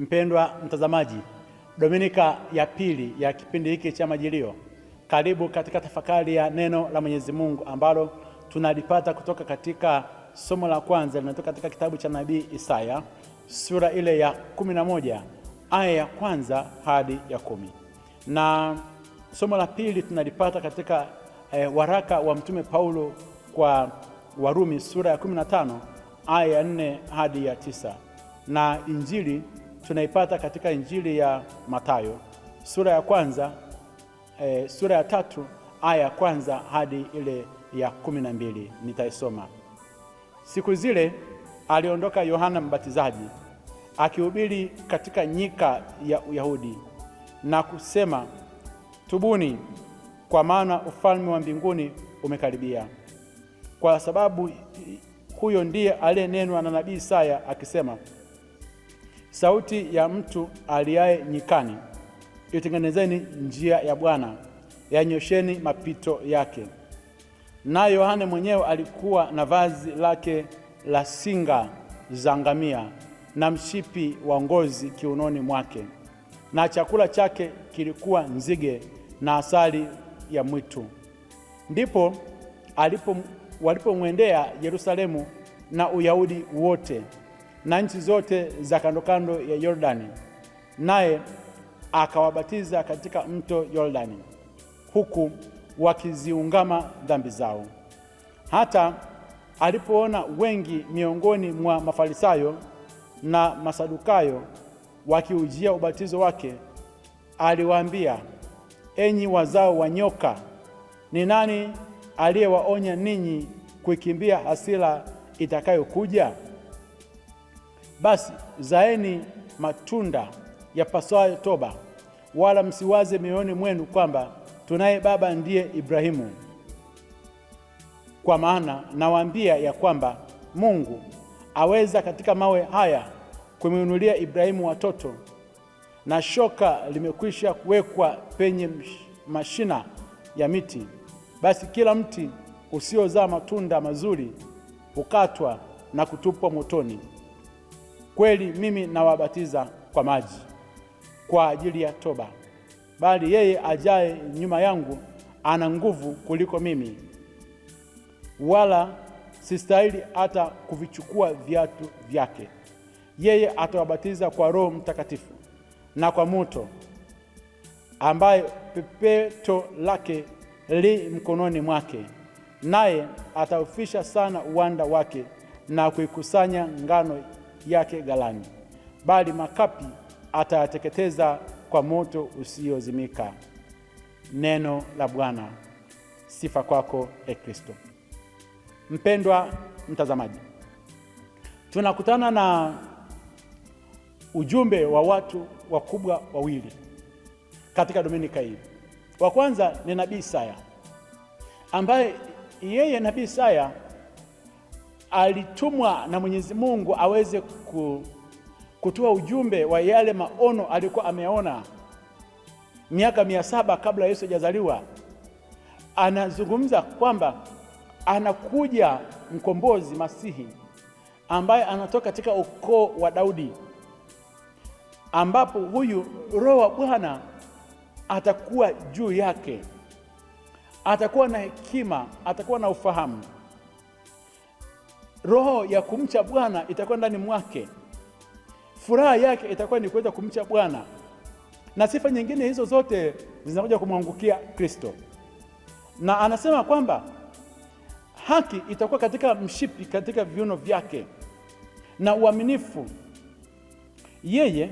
Mpendwa mtazamaji, Dominika ya pili ya kipindi hiki cha Majilio, karibu katika tafakari ya neno la Mwenyezi Mungu ambalo tunalipata kutoka katika somo la kwanza linatoka katika kitabu cha nabii Isaya sura ile ya kumi na moja aya ya kwanza hadi ya kumi na somo la pili tunalipata katika eh, waraka wa mtume Paulo kwa Warumi sura ya 15 aya ya 4 hadi ya tisa na Injili tunaipata katika Injili ya Mathayo sura ya kwanza e, sura ya tatu aya ya kwanza hadi ile ya kumi na mbili nitaisoma. Siku zile aliondoka Yohana Mbatizaji akihubiri katika nyika ya Uyahudi na kusema, tubuni, kwa maana ufalme wa mbinguni umekaribia. Kwa sababu huyo ndiye aliyenenwa na nabii Isaya akisema sauti ya mtu aliaye nyikani, itengenezeni njia ya Bwana, yanyosheni mapito yake. Naye Yohane mwenyewe alikuwa na vazi lake la singa za ngamia na mshipi wa ngozi kiunoni mwake, na chakula chake kilikuwa nzige na asali ya mwitu. Ndipo alipo walipomwendea Yerusalemu na Uyahudi wote na nchi zote za kando kando ya Yordani, naye akawabatiza katika mto Yordani, huku wakiziungama dhambi zao. Hata alipoona wengi miongoni mwa Mafarisayo na Masadukayo wakiujia ubatizo wake, aliwaambia, enyi wazao wa nyoka, ni nani aliyewaonya ninyi kuikimbia hasira itakayokuja? Basi zaeni matunda ya yapaswayo toba, wala msiwaze mioyoni mwenu kwamba tunaye baba ndiye Ibrahimu. Kwa maana nawaambia ya kwamba Mungu aweza katika mawe haya kumwinulia Ibrahimu watoto. Na shoka limekwisha kuwekwa penye mashina ya miti, basi kila mti usiozaa matunda mazuri hukatwa na kutupwa motoni. Kweli mimi nawabatiza kwa maji kwa ajili ya toba, bali yeye ajaye nyuma yangu ana nguvu kuliko mimi, wala sistahili hata kuvichukua viatu vyake. Yeye atawabatiza kwa Roho Mtakatifu na kwa moto, ambaye pepeto lake li mkononi mwake, naye ataufisha sana uwanda wake na kuikusanya ngano yake galani bali makapi atayateketeza kwa moto usiozimika. Neno la Bwana. Sifa kwako e Kristo. Mpendwa mtazamaji, tunakutana na ujumbe wa watu wakubwa wawili katika dominika hii. Wa kwanza ni nabii Isaya ambaye yeye nabii Isaya alitumwa na Mwenyezi Mungu aweze kutoa ujumbe wa yale maono alikuwa ameona miaka mia saba kabla Yesu hajazaliwa. Anazungumza kwamba anakuja mkombozi Masihi ambaye anatoka katika ukoo wa Daudi, ambapo huyu Roho wa Bwana atakuwa juu yake, atakuwa na hekima, atakuwa na ufahamu roho ya kumcha Bwana itakuwa ndani mwake, furaha yake itakuwa ni kuweza kumcha Bwana, na sifa nyingine hizo zote zinakuja kumwangukia Kristo. Na anasema kwamba haki itakuwa katika mshipi, katika viuno vyake, na uaminifu. Yeye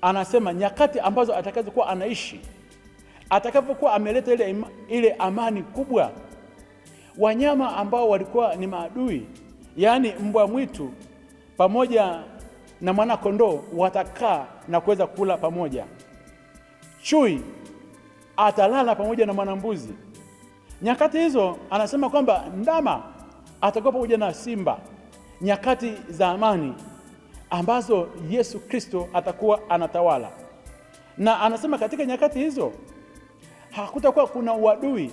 anasema nyakati ambazo atakazokuwa anaishi, atakapokuwa ameleta ile, ile amani kubwa, wanyama ambao walikuwa ni maadui yaani mbwa mwitu pamoja na mwana kondoo watakaa na kuweza kula pamoja. Chui atalala pamoja na mwanambuzi. Nyakati hizo anasema kwamba ndama atakuwa pamoja na simba, nyakati za amani ambazo Yesu Kristo atakuwa anatawala, na anasema katika nyakati hizo hakutakuwa kuna uadui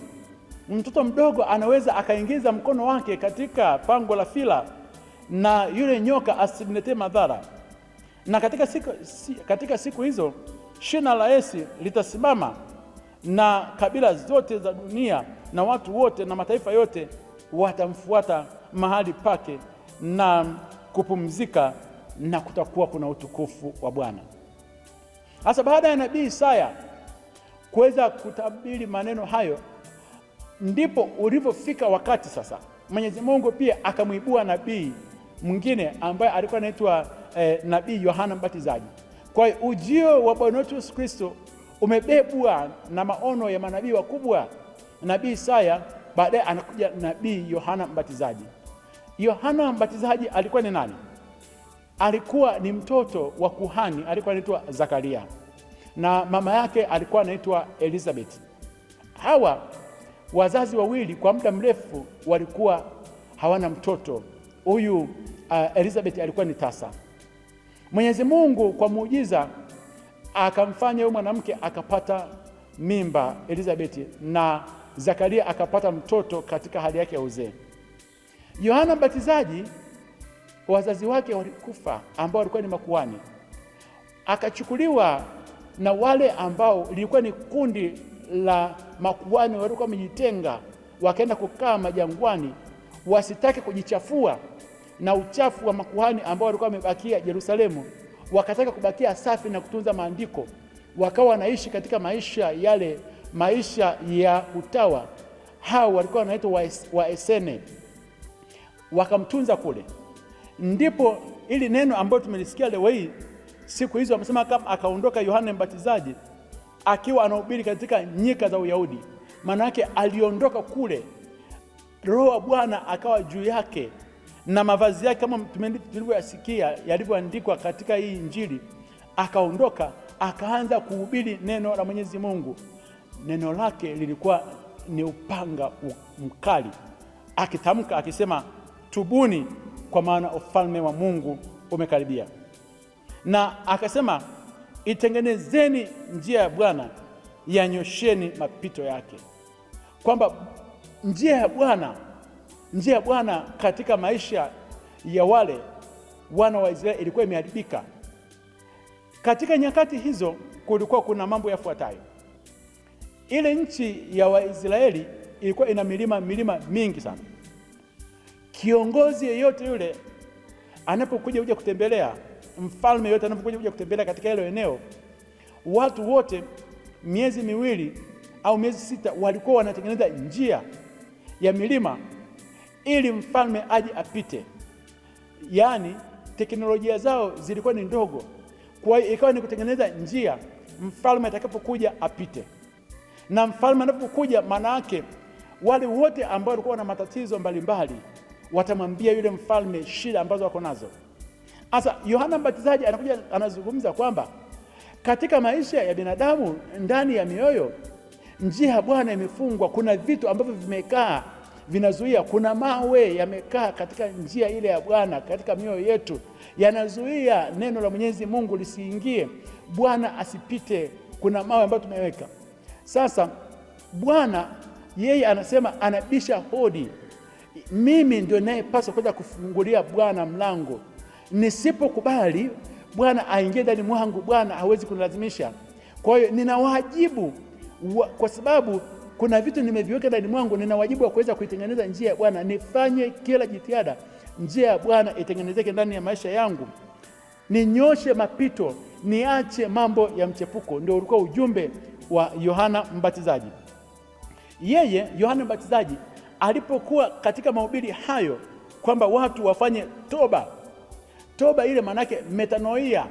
mtoto mdogo anaweza akaingiza mkono wake katika pango la fila na yule nyoka asimletee madhara. Na katika siku, katika siku hizo shina la Yese litasimama na kabila zote za dunia na watu wote na mataifa yote watamfuata mahali pake na kupumzika, na kutakuwa kuna utukufu wa Bwana. Hasa baada ya nabii Isaya kuweza kutabiri maneno hayo ndipo ulivyofika wakati sasa Mwenyezi Mungu pia akamwibua nabii mwingine ambaye alikuwa anaitwa eh, nabii Yohana Mbatizaji. Kwa hiyo ujio wa Bwana wetu Yesu Kristo umebebwa na maono ya manabii wakubwa, nabii Isaya, baadaye anakuja nabii Yohana Mbatizaji. Yohana Mbatizaji alikuwa ni nani? Alikuwa ni mtoto wa kuhani, alikuwa anaitwa Zakaria na mama yake alikuwa anaitwa Elizabeth. Hawa Wazazi wawili kwa muda mrefu walikuwa hawana mtoto. Huyu uh, Elizabeth alikuwa ni tasa. Mwenyezi Mungu kwa muujiza akamfanya huyu mwanamke akapata mimba Elizabeth, na Zakaria akapata mtoto katika hali yake ya uzee. Yohana Mbatizaji wazazi wake walikufa, ambao walikuwa ni makuhani, akachukuliwa na wale ambao lilikuwa ni kundi la makuhani waliokuwa wamejitenga wakaenda kukaa majangwani, wasitake kujichafua na uchafu wa makuhani ambao walikuwa wamebakia Yerusalemu, wakataka kubakia safi na kutunza maandiko, wakawa wanaishi katika maisha yale, maisha ya utawa. Hao walikuwa wanaitwa Waesene, wakamtunza kule. Ndipo ili neno ambalo tumelisikia leo hii, siku hizo wamesema kama akaondoka Yohane Mbatizaji akiwa anahubiri katika nyika za Uyahudi. maana yake aliondoka kule, roho wa Bwana akawa juu yake, na mavazi yake kama tulivyoyasikia yalivyoandikwa katika hii Injili, akaondoka akaanza kuhubiri neno la Mwenyezi Mungu. Neno lake lilikuwa ni upanga mkali, akitamka akisema, tubuni, kwa maana ufalme wa Mungu umekaribia. Na akasema itengenezeni njia ya Bwana, yanyosheni mapito yake. Kwamba njia ya Bwana, njia ya Bwana katika maisha ya wale wana wa Israeli ilikuwa imeharibika. Katika nyakati hizo kulikuwa kuna mambo yafuatayo. Ile nchi ya Waisraeli ilikuwa ina milima milima mingi sana. Kiongozi yeyote yule anapokuja kuja kutembelea mfalme yote anapokuja kuja kutembelea katika hilo eneo, watu wote miezi miwili au miezi sita walikuwa wanatengeneza njia ya milima ili mfalme aje apite. Yaani teknolojia zao zilikuwa ni ndogo, kwa hiyo ikawa ni kutengeneza njia mfalme atakapokuja apite. Na mfalme anapokuja, maana yake wale wote ambao walikuwa na matatizo mbalimbali watamwambia yule mfalme shida ambazo wako nazo. Sasa Yohana Mbatizaji anakuja anazungumza kwamba katika maisha ya binadamu, ndani ya mioyo, njia ya Bwana imefungwa. Kuna vitu ambavyo vimekaa vinazuia, kuna mawe yamekaa katika njia ile ya Bwana katika mioyo yetu, yanazuia neno la Mwenyezi Mungu lisiingie, Bwana asipite. Kuna mawe ambayo tumeweka. Sasa Bwana yeye anasema, anabisha hodi, mimi ndio nayepaswa kwenda kufungulia Bwana mlango nisipokubali Bwana aingie ndani mwangu, Bwana hawezi kunilazimisha. Kwa hiyo nina wajibu wa, kwa sababu kuna vitu nimeviweka ndani mwangu, nina wajibu wa kuweza kuitengeneza njia ya Bwana, nifanye kila jitihada njia ya Bwana itengenezeke ndani ya maisha yangu, ninyoshe mapito, niache mambo ya mchepuko. Ndio ulikuwa ujumbe wa Yohana Mbatizaji. Yeye Yohana Mbatizaji alipokuwa katika mahubiri hayo kwamba watu wafanye toba Toba ile manake metanoia,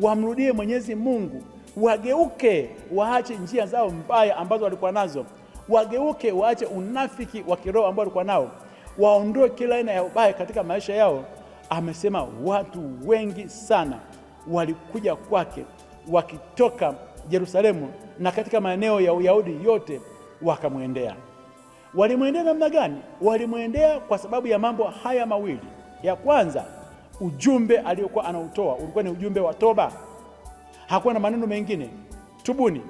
wamrudie Mwenyezi Mungu, wageuke, waache njia zao mbaya ambazo walikuwa nazo, wageuke, waache unafiki wa kiroho ambao walikuwa nao, waondoe kila aina ya ubaya katika maisha yao. Amesema watu wengi sana walikuja kwake wakitoka Yerusalemu na katika maeneo ya Uyahudi yote wakamwendea. Walimwendea namna gani? Walimwendea kwa sababu ya mambo haya mawili. Ya kwanza ujumbe aliyokuwa anautoa ulikuwa ni ujumbe wa toba, hakuwa na maneno mengine, tubuni.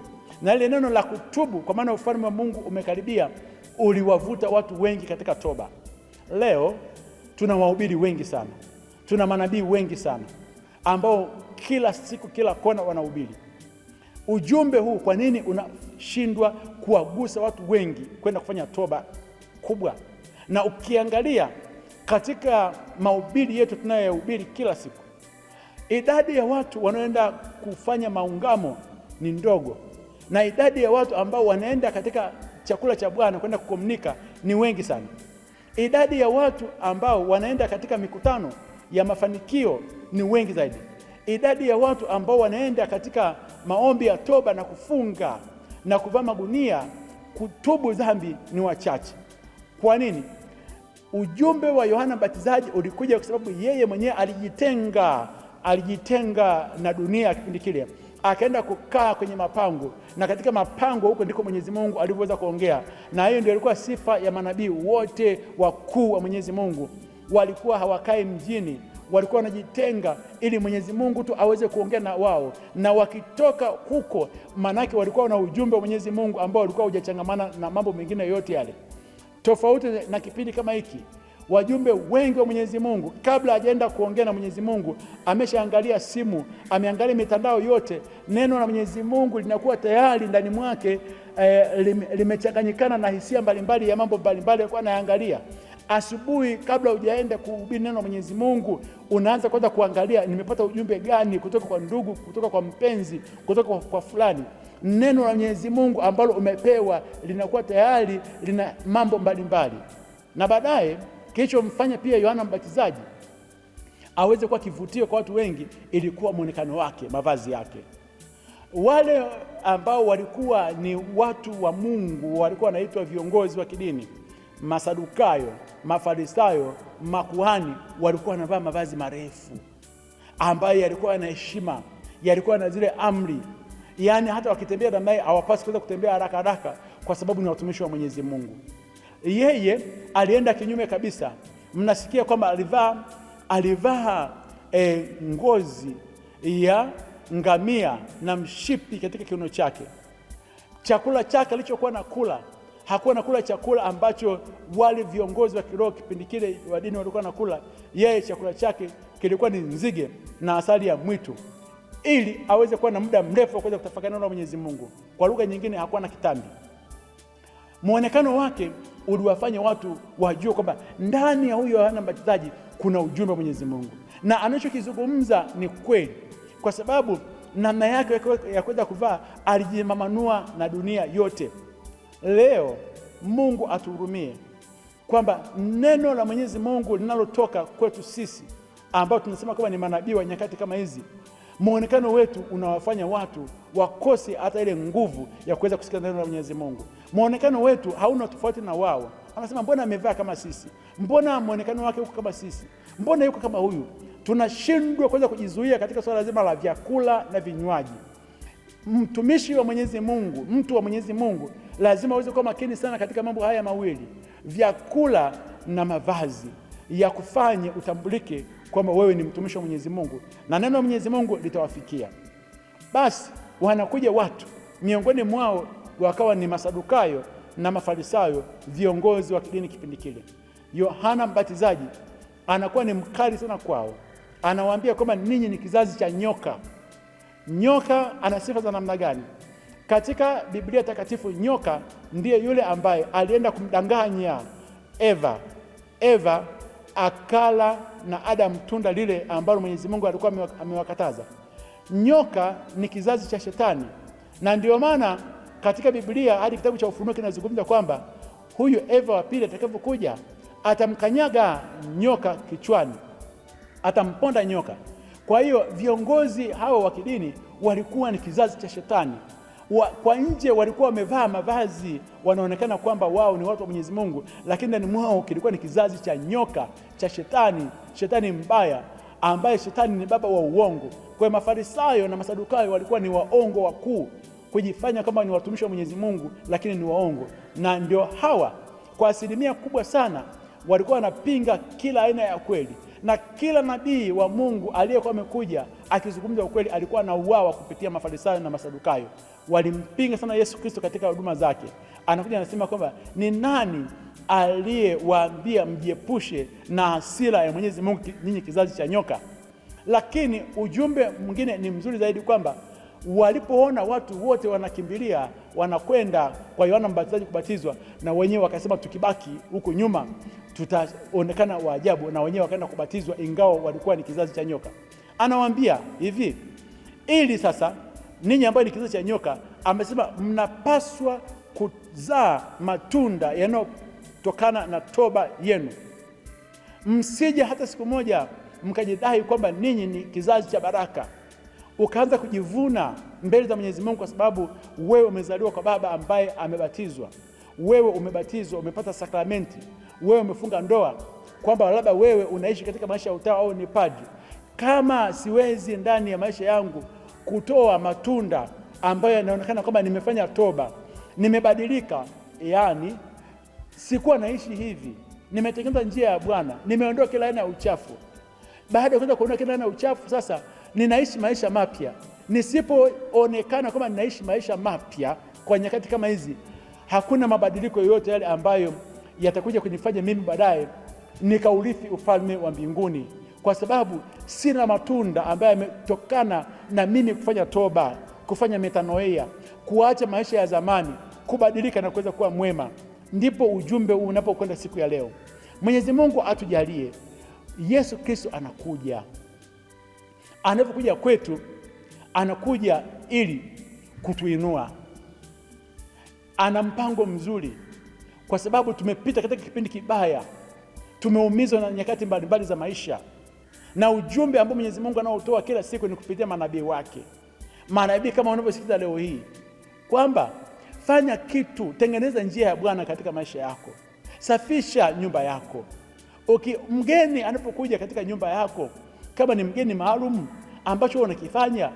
Na ile neno la kutubu, kwa maana ufalme wa Mungu umekaribia, uliwavuta watu wengi katika toba. Leo tuna wahubiri wengi sana, tuna manabii wengi sana ambao kila siku, kila kona wanahubiri ujumbe huu. Kwa nini unashindwa kuwagusa watu wengi kwenda kufanya toba kubwa? Na ukiangalia katika mahubiri yetu tunayoyahubiri kila siku, idadi ya watu wanaoenda kufanya maungamo ni ndogo, na idadi ya watu ambao wanaenda katika chakula cha Bwana kwenda kukomunika ni wengi sana. Idadi ya watu ambao wanaenda katika mikutano ya mafanikio ni wengi zaidi. Idadi ya watu ambao wanaenda katika maombi ya toba na kufunga na kuvaa magunia kutubu dhambi ni wachache. Kwa nini? Ujumbe wa Yohana Mbatizaji ulikuja kwa sababu yeye mwenyewe alijitenga, alijitenga na dunia kipindi kile, akaenda kukaa kwenye mapango, na katika mapango huko ndiko Mwenyezi Mungu alivyoweza kuongea, na hiyo ndio ilikuwa sifa ya manabii wote wakuu wa Mwenyezi Mungu. Walikuwa hawakai mjini, walikuwa wanajitenga ili Mwenyezi Mungu tu aweze kuongea na wao, na wakitoka huko, maanake walikuwa na ujumbe wa Mwenyezi Mungu ambao walikuwa hujachangamana na mambo mengine yote yale. Tofauti na kipindi kama hiki, wajumbe wengi wa Mwenyezi Mungu kabla hajaenda kuongea na Mwenyezi Mungu ameshaangalia simu, ameangalia mitandao yote. Neno la Mwenyezi Mungu linakuwa tayari ndani mwake eh, limechanganyikana na hisia mbalimbali ya mambo mbalimbali alikuwa anaangalia. Asubuhi kabla hujaenda kuhubiri neno la Mwenyezi Mungu, unaanza kwanza kuangalia nimepata ujumbe gani kutoka kwa ndugu, kutoka kwa mpenzi, kutoka kwa fulani neno la Mwenyezi Mungu ambalo umepewa linakuwa tayari lina mambo mbalimbali mbali. Na baadaye kilichomfanya pia Yohana Mbatizaji aweze kuwa kivutio kwa watu wengi ilikuwa mwonekano wake, mavazi yake. Wale ambao walikuwa ni watu wa Mungu walikuwa wanaitwa viongozi wa kidini, Masadukayo, Mafarisayo, makuhani, walikuwa wanavaa mavazi marefu ambayo yalikuwa na heshima, yalikuwa na zile amri yaani hata wakitembea namna naye hawapasi kuweza kutembea haraka haraka, kwa sababu ni watumishi wa Mwenyezi Mungu. Yeye alienda kinyume kabisa. Mnasikia kwamba alivaa alivaa e, ngozi ya ngamia na mshipi katika kiuno chake. Chakula chake alichokuwa na kula hakuwa nakula chakula ambacho wale viongozi wa kiroho kipindi kile wa dini walikuwa na kula. Yeye chakula chake kilikuwa ni nzige na asali ya mwitu ili aweze kuwa na muda mrefu wa kuweza kutafakari neno la Mwenyezi Mungu. Kwa lugha nyingine, hakuwa na kitambi. Muonekano wake uliwafanya watu wajue kwamba ndani ya huyo Yohana Mbatizaji kuna ujumbe wa Mwenyezi Mungu na anachokizungumza ni kweli, kwa sababu namna yake ya kuweza kuvaa alijimamanua na dunia yote. Leo Mungu atuhurumie kwamba neno la Mwenyezi Mungu linalotoka kwetu sisi ambao tunasema kwamba ni manabii wa nyakati kama hizi Mwonekano wetu unawafanya watu wakose hata ile nguvu ya kuweza kusikia neno la Mwenyezi Mungu. Mwonekano wetu hauna tofauti na wao. Anasema, mbona amevaa kama sisi? Mbona mwonekano wake uko kama sisi? Mbona yuko kama huyu? Tunashindwa kuweza kujizuia katika swala zima la vyakula na vinywaji. Mtumishi wa Mwenyezi Mungu, mtu wa Mwenyezi Mungu lazima aweze kuwa makini sana katika mambo haya mawili, vyakula na mavazi, ya kufanye utambulike kwamba wewe ni mtumishi wa Mwenyezi Mungu na neno la Mwenyezi Mungu litawafikia. Basi wanakuja watu miongoni mwao wakawa ni Masadukayo na Mafarisayo, viongozi wa kidini kipindi kile. Yohana Mbatizaji anakuwa ni mkali sana kwao, anawaambia kwamba ninyi ni kizazi cha nyoka. Nyoka ana sifa za namna gani? Katika Biblia Takatifu, nyoka ndiye yule ambaye alienda kumdanganya Eva. Eva akala na Adam tunda lile ambalo Mwenyezi Mungu alikuwa amewakataza. Nyoka ni kizazi cha Shetani, na ndiyo maana katika Biblia hadi kitabu cha Ufunuo kinazungumza kwamba huyu Eva wa pili atakapokuja atamkanyaga nyoka kichwani, atamponda nyoka. Kwa hiyo viongozi hao wa kidini walikuwa ni kizazi cha Shetani wa, kwa nje walikuwa wamevaa mavazi, wanaonekana kwamba wao ni watu wa Mwenyezi Mungu, lakini ndani mwao kilikuwa ni kizazi cha nyoka cha shetani, shetani mbaya ambaye shetani ni baba wa uongo. Kwa Mafarisayo na Masadukayo walikuwa ni waongo wakuu, kujifanya kama ni watumishi wa Mwenyezi Mungu, lakini ni waongo. Na ndio hawa kwa asilimia kubwa sana walikuwa wanapinga kila aina ya kweli na kila nabii wa Mungu aliyekuwa amekuja akizungumza ukweli alikuwa na uwawa kupitia Mafarisayo na Masadukayo. Walimpinga sana Yesu Kristo katika huduma zake. Anakuja anasema kwamba ni nani aliyewaambia mjiepushe na hasira ya Mwenyezi Mungu, nyinyi kizazi cha nyoka? Lakini ujumbe mwingine ni mzuri zaidi kwamba walipoona watu wote wanakimbilia wanakwenda kwa Yohana Mbatizaji kubatizwa, na wenyewe wakasema, tukibaki huku nyuma tutaonekana wa ajabu, na wenyewe wakaenda kubatizwa, ingawa walikuwa ni kizazi cha nyoka. Anawaambia hivi, ili sasa ninyi ambayo ni kizazi cha nyoka, amesema mnapaswa kuzaa matunda yanayotokana na toba yenu, msije hata siku moja mkajidai kwamba ninyi ni kizazi cha baraka ukaanza kujivuna mbele za Mwenyezi Mungu, kwa sababu wewe umezaliwa kwa baba ambaye amebatizwa, wewe umebatizwa, umepata sakramenti, wewe umefunga ndoa, kwamba labda wewe unaishi katika maisha ya utawa au ni padri. Kama siwezi ndani ya maisha yangu kutoa matunda ambayo yanaonekana kwamba nimefanya toba, nimebadilika, yaani sikuwa naishi hivi, nimetengeneza njia ya Bwana, nimeondoa kila aina ya uchafu. Baada ya kuenda kuondoa kila aina ya uchafu sasa ninaishi maisha mapya. Nisipoonekana kama ninaishi maisha mapya kwa nyakati kama hizi, hakuna mabadiliko yoyote yale ambayo yatakuja kunifanya mimi baadaye nikaurithi ufalme wa mbinguni, kwa sababu sina matunda ambayo yametokana na mimi kufanya toba, kufanya metanoia, kuacha maisha ya zamani, kubadilika na kuweza kuwa mwema. Ndipo ujumbe huu unapokwenda siku ya leo. Mwenyezi Mungu atujalie. Yesu Kristo anakuja. Anapokuja kwetu anakuja ili kutuinua, ana mpango mzuri, kwa sababu tumepita katika kipindi kibaya, tumeumizwa na nyakati mbalimbali za maisha, na ujumbe ambao Mwenyezi Mungu anaotoa kila siku ni kupitia manabii wake, manabii kama unavyosikiza leo hii kwamba fanya kitu, tengeneza njia ya Bwana katika maisha yako, safisha nyumba yako. Okay, mgeni anapokuja katika nyumba yako kama ni mgeni maalum, ambacho wanakifanya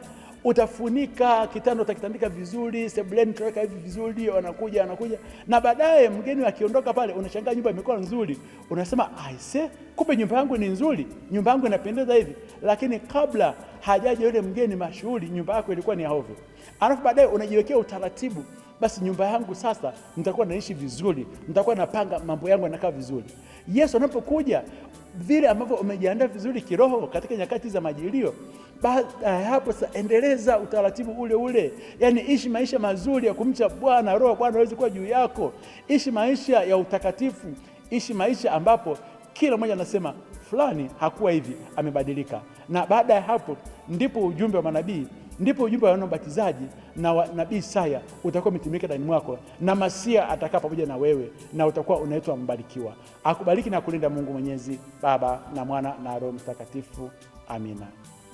utafunika kitanda, utakitandika vizuri, sebuleni utaweka hivi vizuri, wanakuja wanakuja, na baadaye mgeni akiondoka pale, unashangaa nyumba imekuwa nzuri, unasema aise, kumbe nyumba yangu ni nzuri, nyumba yangu inapendeza hivi. Lakini kabla hajaja yule mgeni mashuhuri, nyumba yako ilikuwa ni haovyo. Alafu baadaye unajiwekea utaratibu basi nyumba yangu sasa nitakuwa naishi vizuri, nitakuwa napanga mambo yangu yanakaa vizuri. Yesu anapokuja vile ambavyo umejiandaa vizuri kiroho katika nyakati za majilio, baada ya hapo sasa endeleza utaratibu ule ule, yaani ishi maisha mazuri ya kumcha Bwana. Roho Bwana awezi kuwa juu yako, ishi maisha ya utakatifu, ishi maisha ambapo kila mmoja anasema fulani hakuwa hivi, amebadilika. Na baada ya hapo ndipo ujumbe wa manabii ndipo ujumbe wa Yohana Mbatizaji na nabii Isaya utakuwa umetimika ndani mwako, na Masia atakaa pamoja na wewe, na utakuwa unaitwa mbarikiwa. Akubariki na kulinda Mungu Mwenyezi, Baba na Mwana na Roho Mtakatifu. Amina.